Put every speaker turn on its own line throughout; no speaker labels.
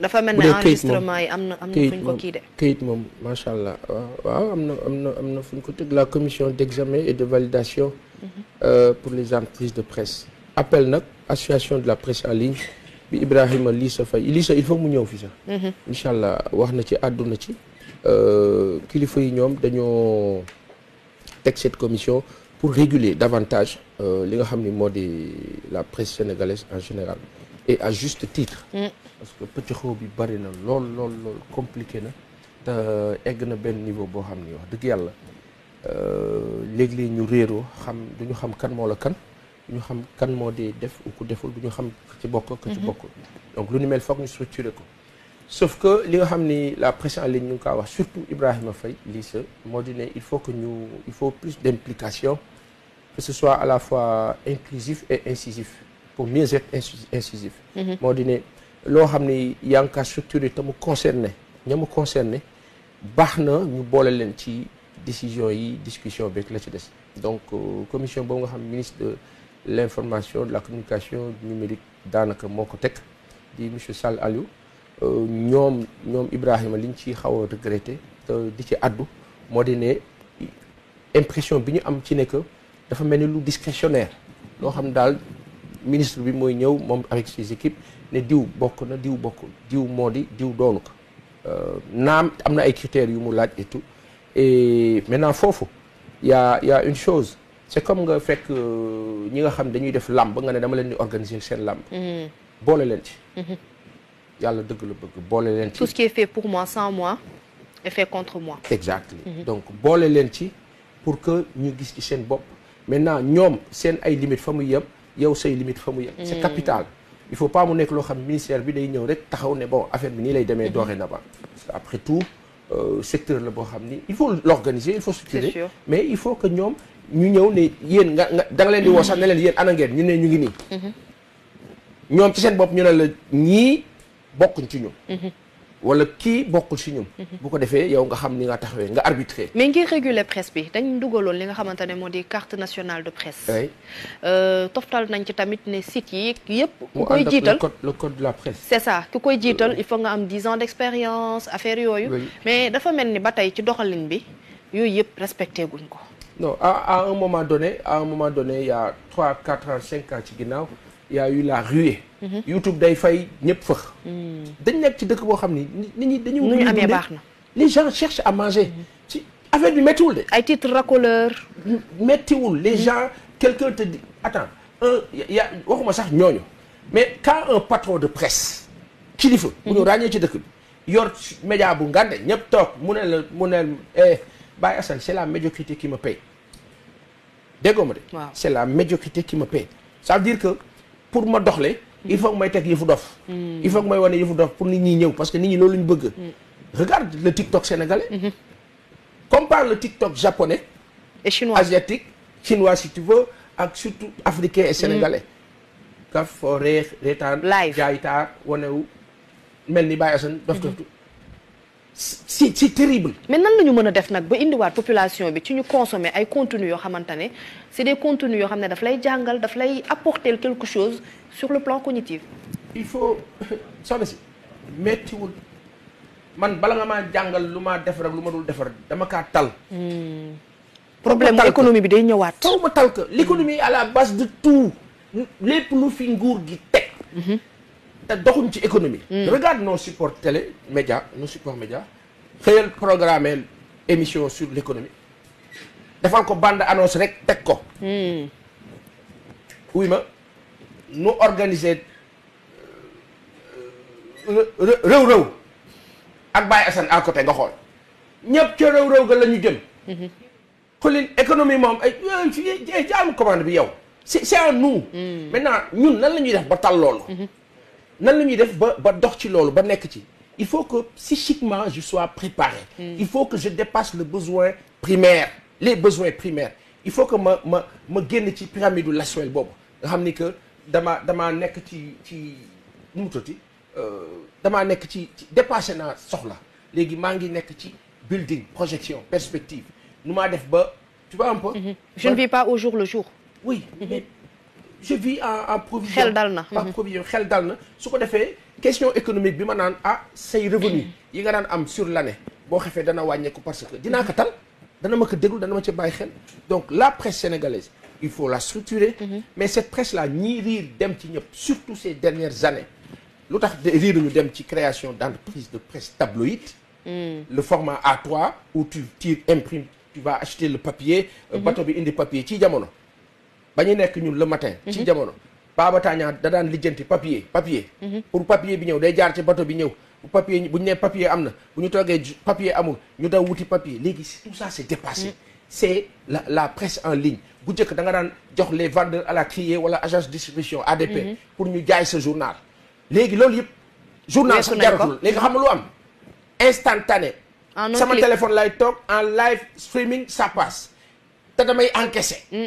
dafa mel ne enregistrement
yi am na am na fuñ ko kii de
këyit moom macha waaw am na am fuñ ko teg la commission d'examen et de validation mhm. euh, pour les entreprises de presse appel nag association de la presse en ligne bi Ali Lissa Faye Lissa il faut mu ñëw fi sax mhm. incha allah wax na ci àdduna ci euh, kilifa yi ñoom dañoo teg cette commission pour réguler davantage euh, li nga xam ni la presse sénégalaise en général et à juste titre. Mm. parce que petit xoo bi bari na lol, lool lool compliqué na te egg na niveau boo xam De wax l'église yàlla euh, léeg-léeg ñu réeroo xam du ñu xam kan moo la kan ñu xam kan moo def ou ku deful du ñu xam ci bokk ka ci mm-hmm. bokk donc lu ni mel foog ñu ko sauf que li nga la pression en ligne ñu wax surtout Ibrahima Faye lii sa moo il faut que ñu il faut plus d'implication que ce soit à la fois inclusif et incisif pour mieux être incisif mhm. moo di ne loo xam ne yaa structuré concerné ña mu concerné Par na ñu boole leen ci décision yi discussion avec la ci donc euh, commission bon, nga ministre de l'information, de la communication numérique dans moo ko teg di monsieur Sall Aliou euh, ñoom ñoom Ibrahim liñ ci xaw a regretté te di ci addu impression bini am ci que dafa mel ni discrétionnaire loo xam ministre bi moy ñëw mom avec ses équipes ne diw bokk na diw bokkul diw modi diw doonu ko euh, naam am ay critères yu mu laaj et tout et maintenant foofu y a y a une chose c'est comme nga fekk euh, ñi nga xam dañuy def lamb nga ne dama leen di organiser lamb hmm bolé leen ci mm-hmm. yalla deug la bëgg bolé leen ci tout
ce qui est fait pour moi sans moi est fait contre moi
exactement mm -hmm. donc bolé leen ci pour que ñu gis ci seen bop maintenant ñom sen ay limites fa muy yow say limite fa mu c'est mm. capital il faut pas mu nekk xam ministère bi day ñew rek taxaw ne bon affaire bi ni lay démé dorénavant parce que après tout euh, secteur le boo xam il faut l'organiser il faut structurer mais il faut que ñom ñu ñew né yeen nga nga da leen di wo sax né leen yeen ana ngeen ñu ne ñu ngi ni mm-hmm. ñom ci seen bop ñu ne la ñi bokku ci ñun mm-hmm wala ki bokkul ci ñun. Mhm. bu ko défé yow nga xam ni nga taxawé nga arbitré.
mais ngir réguler presse bi dañ dugaloon li nga xamantane ne moo di carte nationale de presse. euh toftal nañ ci tamit ne site yi yépp ku koy jiital le code
le code de la presse.
c'est ça ku koy jiital il faut nga am 10 ans d'expérience affaire yooyu. mais dafa mel ni ba tey ci doxalin bi yooyu yépp respecté
guñ ko. non à à un moment donné à un moment donné il y a 3 4 ans 5 ans ci ginnaaw y a eu la ruée. Mhm. YouTube day fay ñep feux. Hmm. dañ nek ci dëkk bo xamni nit ñi dañu. ñu amé baxna. les gens cherchent à manger. Mhm. ci affaire bi mettiwul de. ay titres racoleurs. Mettiwul les mhm. gens quelqu'un te dit attends un y a waxuma sax ñooñu mais quand un patron de presse kilifa. bu ñu ràññee ci dëkk bi yor média bu ngande ñep toog mu ne mu ne eh bay asal c'est la médiocrité qui me paye. dégg nga c'est la médiocrité qui me paye ça veut dire que pour ma doxlé il faut que may teg yëfu dof hmm. il faut que may wane yëfu dof pour nit ñi ñëw parce que nit ñi loolu ñu bëgg hmm. regarde le TikTok sénégalais hmm. compare le TikTok japonais et chinois asiatique chinois si tu veux ak surtout africain et sénégalais ka foo reex reetaan live jaay taar wanewu mel ni dof doftu c'est terrible. mais nan dire def population bi ci
contenus c'est des contenus qui apporter quelque
chose sur le plan cognitif. il faut ça man bala nga jàngal luma hmm. problème hmm. l'économie à la base de tout les plus fi nguur gi hmm. économie. regarde nos supports télé nos supports le programme émission sur l'économie defal ko bande annonce rek ko. Hmm. oui nous organisons organiser euh, Rew. ak à côté Nous Hol. Nous ca Rew Rew ga la économie c'est à nous. Hmm. maintenant nous, nan la def ba tal loolu. Hmm. nan la def il faut que psychiquement je sois préparé. Mm. Il faut que je dépasse le besoin primaire, les besoins primaires. Il faut que ma me, me, génn ci pyramide de boobu nga xam ni que dama damaa nekk ci ci na mu tuddati les euh, nekk ci soxla ci building projection perspective Nous m'a def ba tu vois un peu. Mm -hmm. je ne vis pas au jour le jour. oui mm -hmm. mais je vis en en provision en provision xel dal Ce qu'on a fait, question économique bi ma ah, ses revenus. revenus, y yi nga daan am sur l'année boo xefee dana wàññeeku parce que je ko tal dana ma ko déglu dana ma ci bàyyi xel donc la presse sénégalaise il faut la structurer mhm. mais cette presse là ni rire dem ci surtout ces dernières années l'autre tax riiruñu dem ci création dans d'entreprise de presse tabloïde mm. le format A3 où tu tires imprimes tu vas acheter le papier euh, mhm. bateau bi indi papier ci jamono bañu nek ñun le matin. Mhm. ci jamono Baba Tandian da daan lijeenti papier papier. Mhm. pour papier bi ñew day jaar ci bato bi ñew papier buñ né papier amna buñu toggé papier amul ñu daw wuti papier légui tout ça c'est dépassé. Mhm. c'est la la presse en ligne bu njëkk da nga daan jox les vendeurs à la criée wala agence de distribution ADP. pour ñu jaay ce journal. légui lool yépp
journal sax jaratul léegi xam lu
am. instantané. sama téléphone lay tok en live streaming ça passe te damay encaisser. Mm.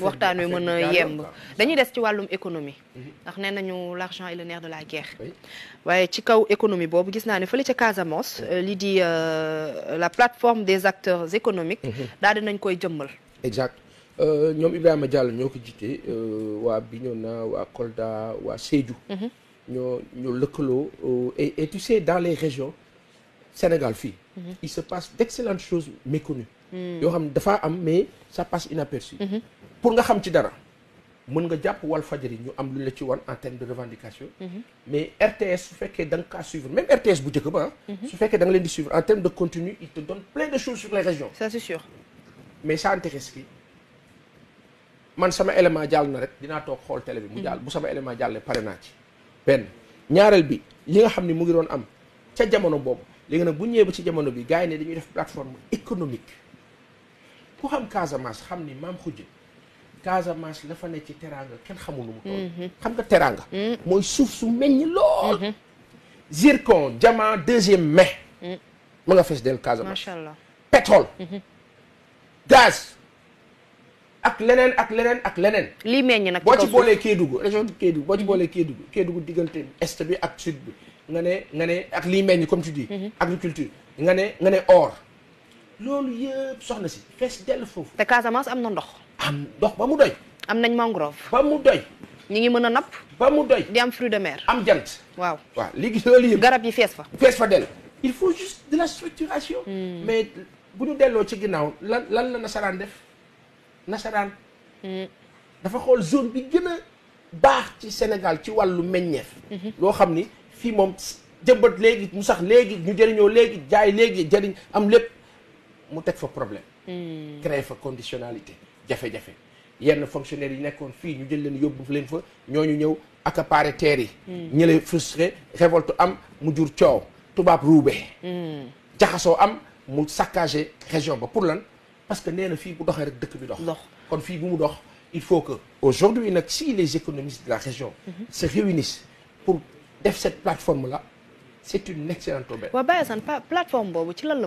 waxtaan wi mën a yemb
dañuy des ci wàllum économie mhm. ndax nee nañu l'argent est le nerf de la guerre waaye ci kaw économie boobu gis naa ne fële ca Casamance mhm. euh, lii di euh, la plateforme des acteurs économiques mhm. daal dinañ koy jëmmal
exact euh, ñoom Ibrahima Diallo ñoo ko jiite waa Bignona waa Kolda waa Sédhiou ñoo ñoo lëkkaloo et et tu sais dans les régions Sénégal fii il se passe d'excellentes choses méconnues mm. yoo xam dafa am mais ça passe inaperçu pour nga xam ci dara mën nga jàpp wal fajari ñu am lu la ci wan en terme de revendication mhm. mais RTS su fekkee da nga kaa suivre même RTS bu njëkk ba ah, mhm. su fekkee da nga leen di suivre en terme de contenu il te donne plein de choses sur les régions ça c'est sûr mais ça intéresse qui man sama élément jàll na rek dinaa toog xool télé bi mu mhm. jàll bu sama élément jàll ne pare naa ci benn ñaareel bi li nga xam ne mu ngi doon am ca jamono boobu léegi nag bu ñëwee ba ci jamono bi gars yi ne dañuy def plateforme économique ku xam Casamance xam ni maam Casamance la fa ne ci teraanga kenn xamul nu mu toll. Mhm. xam nga mhm. mhm. zircon diamant deuxième main. mu nga fess del Casamance. machallah pétrole. gaz. ak lenen ak lenen ak leneen. lii meññ nag bo ci Kédougou région de Kédougou bo ci est bi ak sud bi nga ne ak li comme tu dis. agriculture nga ne or. yépp soxna ci fess del fofu am dox am mangrove.
doy. ngi a doy de mer. am jant. waaw waaw léegi loolu garab yi fa.
fa del il faut juste de la structuration. Hmm. mais bu ñu delloo ci ginnaaw lan lan la nasaraan def nasaraan. Hmm. dafa xool zone bi gën a baax ci Sénégal ci wàllu meññeef. Hmm. loo xam ni fii moom jëmbat mu sax léegi ñu jaay am lépp mu fa problème. créer fa conditionnalité y a yenn fonctionnaires yi nekkoon fii ñu jël leen yóbbu leen fa ñooñu ñëw accaparer terre yi hmm. ñële frustré révolte am mu jur coow tubaab ruube hmm. jaxasoo am mu saccagé région ba pour lan parce que nee na bu doxee rek dëkk bi dox kon bu mu dox il faut que aujourd'hui si les économistes de la région hmm. se réunissent pour def cette plateforme là c'est une excellente
Baye plateforme
ci lan la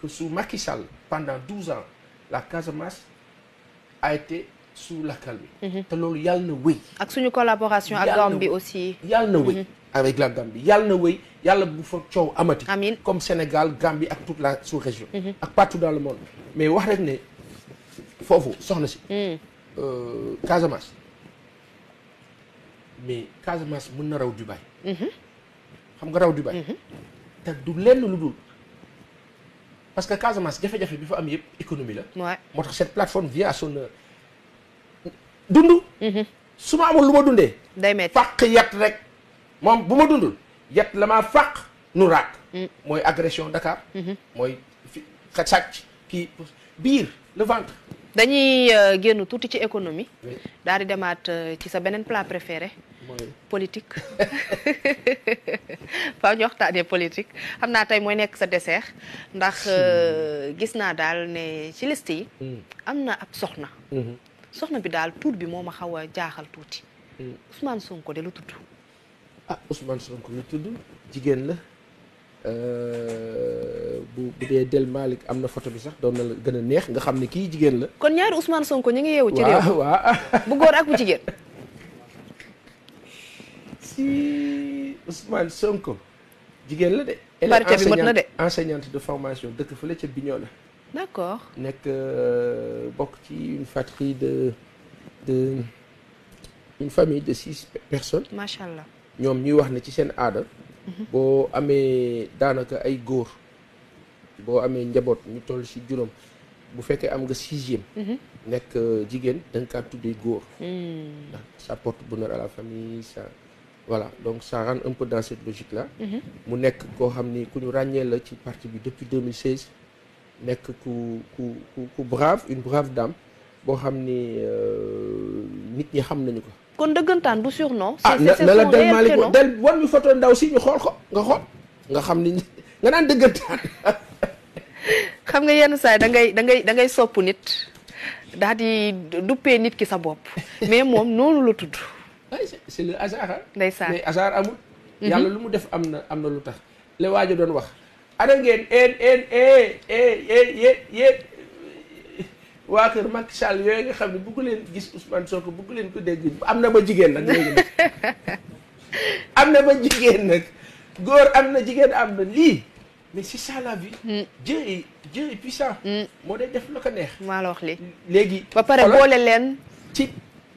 que sous Macky Sall, pendant 12 ans, la Casamas a été sous la calme. Mhm. te loolu yàlla na wéy. ak suñu collaboration ak Gambie aussi. a na oui mhm. avec la Gambie yàlla na wéy yàlla bu fa coow amati. comme Sénégal Gambie et toute la sous-région. Mhm. ak partout dans le monde. mais wax rek faut vous, soxna si. Euh, Casamance mais Casamance mën na raw Dubaï. xam nga raw Dubaï. te du lenn lu parce que Casamance jafe-jafe bi fa am yëpp économie la. waaw moo tax cette plateforme vient à son heure. dund. Mhm. su ma amul lu ma dundee. day métti fak yat rek moom bu dundul yat la maa fàq nu raak. Mm. mooy agression Dakar. Mhm. mooy fi xaj sàcc kii biir le ventre.
dañuy euh, génn tuuti ci économie. daal di demaat euh, ci sa beneen plat préféré. politique faaw ñu waxtaanee politique xam naa tey mooy nekk sa dessert ndax gis naa daal ne ci liste yi hmm. am na ab soxna hmm. soxna bi daal tuut bi moo ma xaw a jaaxal tuuti hmm. Ousmane Sonko de lu tudd
ah Ousmane Sonko lu tudd jigéen la euh, bu bu dee Del Malick am na photo bi sax doon na la gën a neex nga xam ne kii jigéen la
kon ñaari Ousmane Sonko ñu ngi yeewu ci réew bu góor ak bu jigéen
si Ousmane Sonko jigen la de. est enseignante de formation d'accord nek euh, ci une de de une famille de six personnes. MashaAllah ñom wax ci mhm. ay am nga sixième. Mhm. Euh, hmm. bonheur à la famille ça voilà donc ça rentre un peu dans cette logique là. Mhm. mu nek ko xamni ni ku ñu ràññee la ci parti bi depuis 2016. nek ku ku ku brave une brave dame bo xamni euh nit ñi xam nañu ko.
kon deugantane du surnom. ah na la del Malick del
wan ñu photo ndaw si ñu xol ko nga xol, nga xamni nga naan deugantane. xam nga yenn say da ngay da ngay da ngay sopu nit daal di
duppee nit ki sa bop.
mais mom nonu la tuddu. c'est le hasard ah. ndeysaan mais hasard amul. Mhm. yàlla lu mu def am na am na lu tax. le waajo doon wax. ana ngeen een ee ee yéen yéen waa kër Macky Sall yooyu nga xam ne bugg leen gis Ousmane Sonko bugg leen ko dégg am na ba jigéen nag léegi nag am na ba jigéen nag góor am na jigéen am na lii mais c'est ça la vie. Mm. Dieu est Dieu est puissant. Mm. moo day def lu ko neex. maa la wax léegi. léegi ba pare boole leen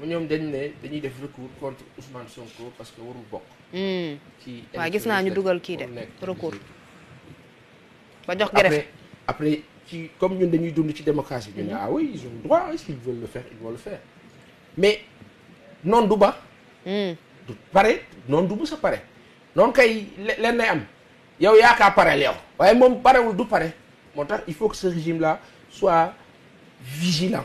xam dañ ne dañuy def recours contre Ousmane Sonko parce que bok
hmm ci waaw gis naa ñu dugal kii de recours.
ba jox gref après après ci comme ñun dañuy dund ci démocratie ñu hmm. ah oui ils ont le droit est-ce qu'ils veulent le faire ils vont le faire mais non du ba. Hmm. du pare non du bu sa pare. non kay leen lay am yow yaakaar pareel yow waaye moom parewul du pare motax il faut que ce régime là soit vigilant.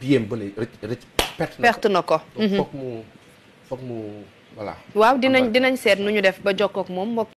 biyem bële rëcc perte na ko perte na ko. Mhm. mu foog mu voilà.
waaw dinañ dinañ seet nu ñu def ba jokkook moom. mbokk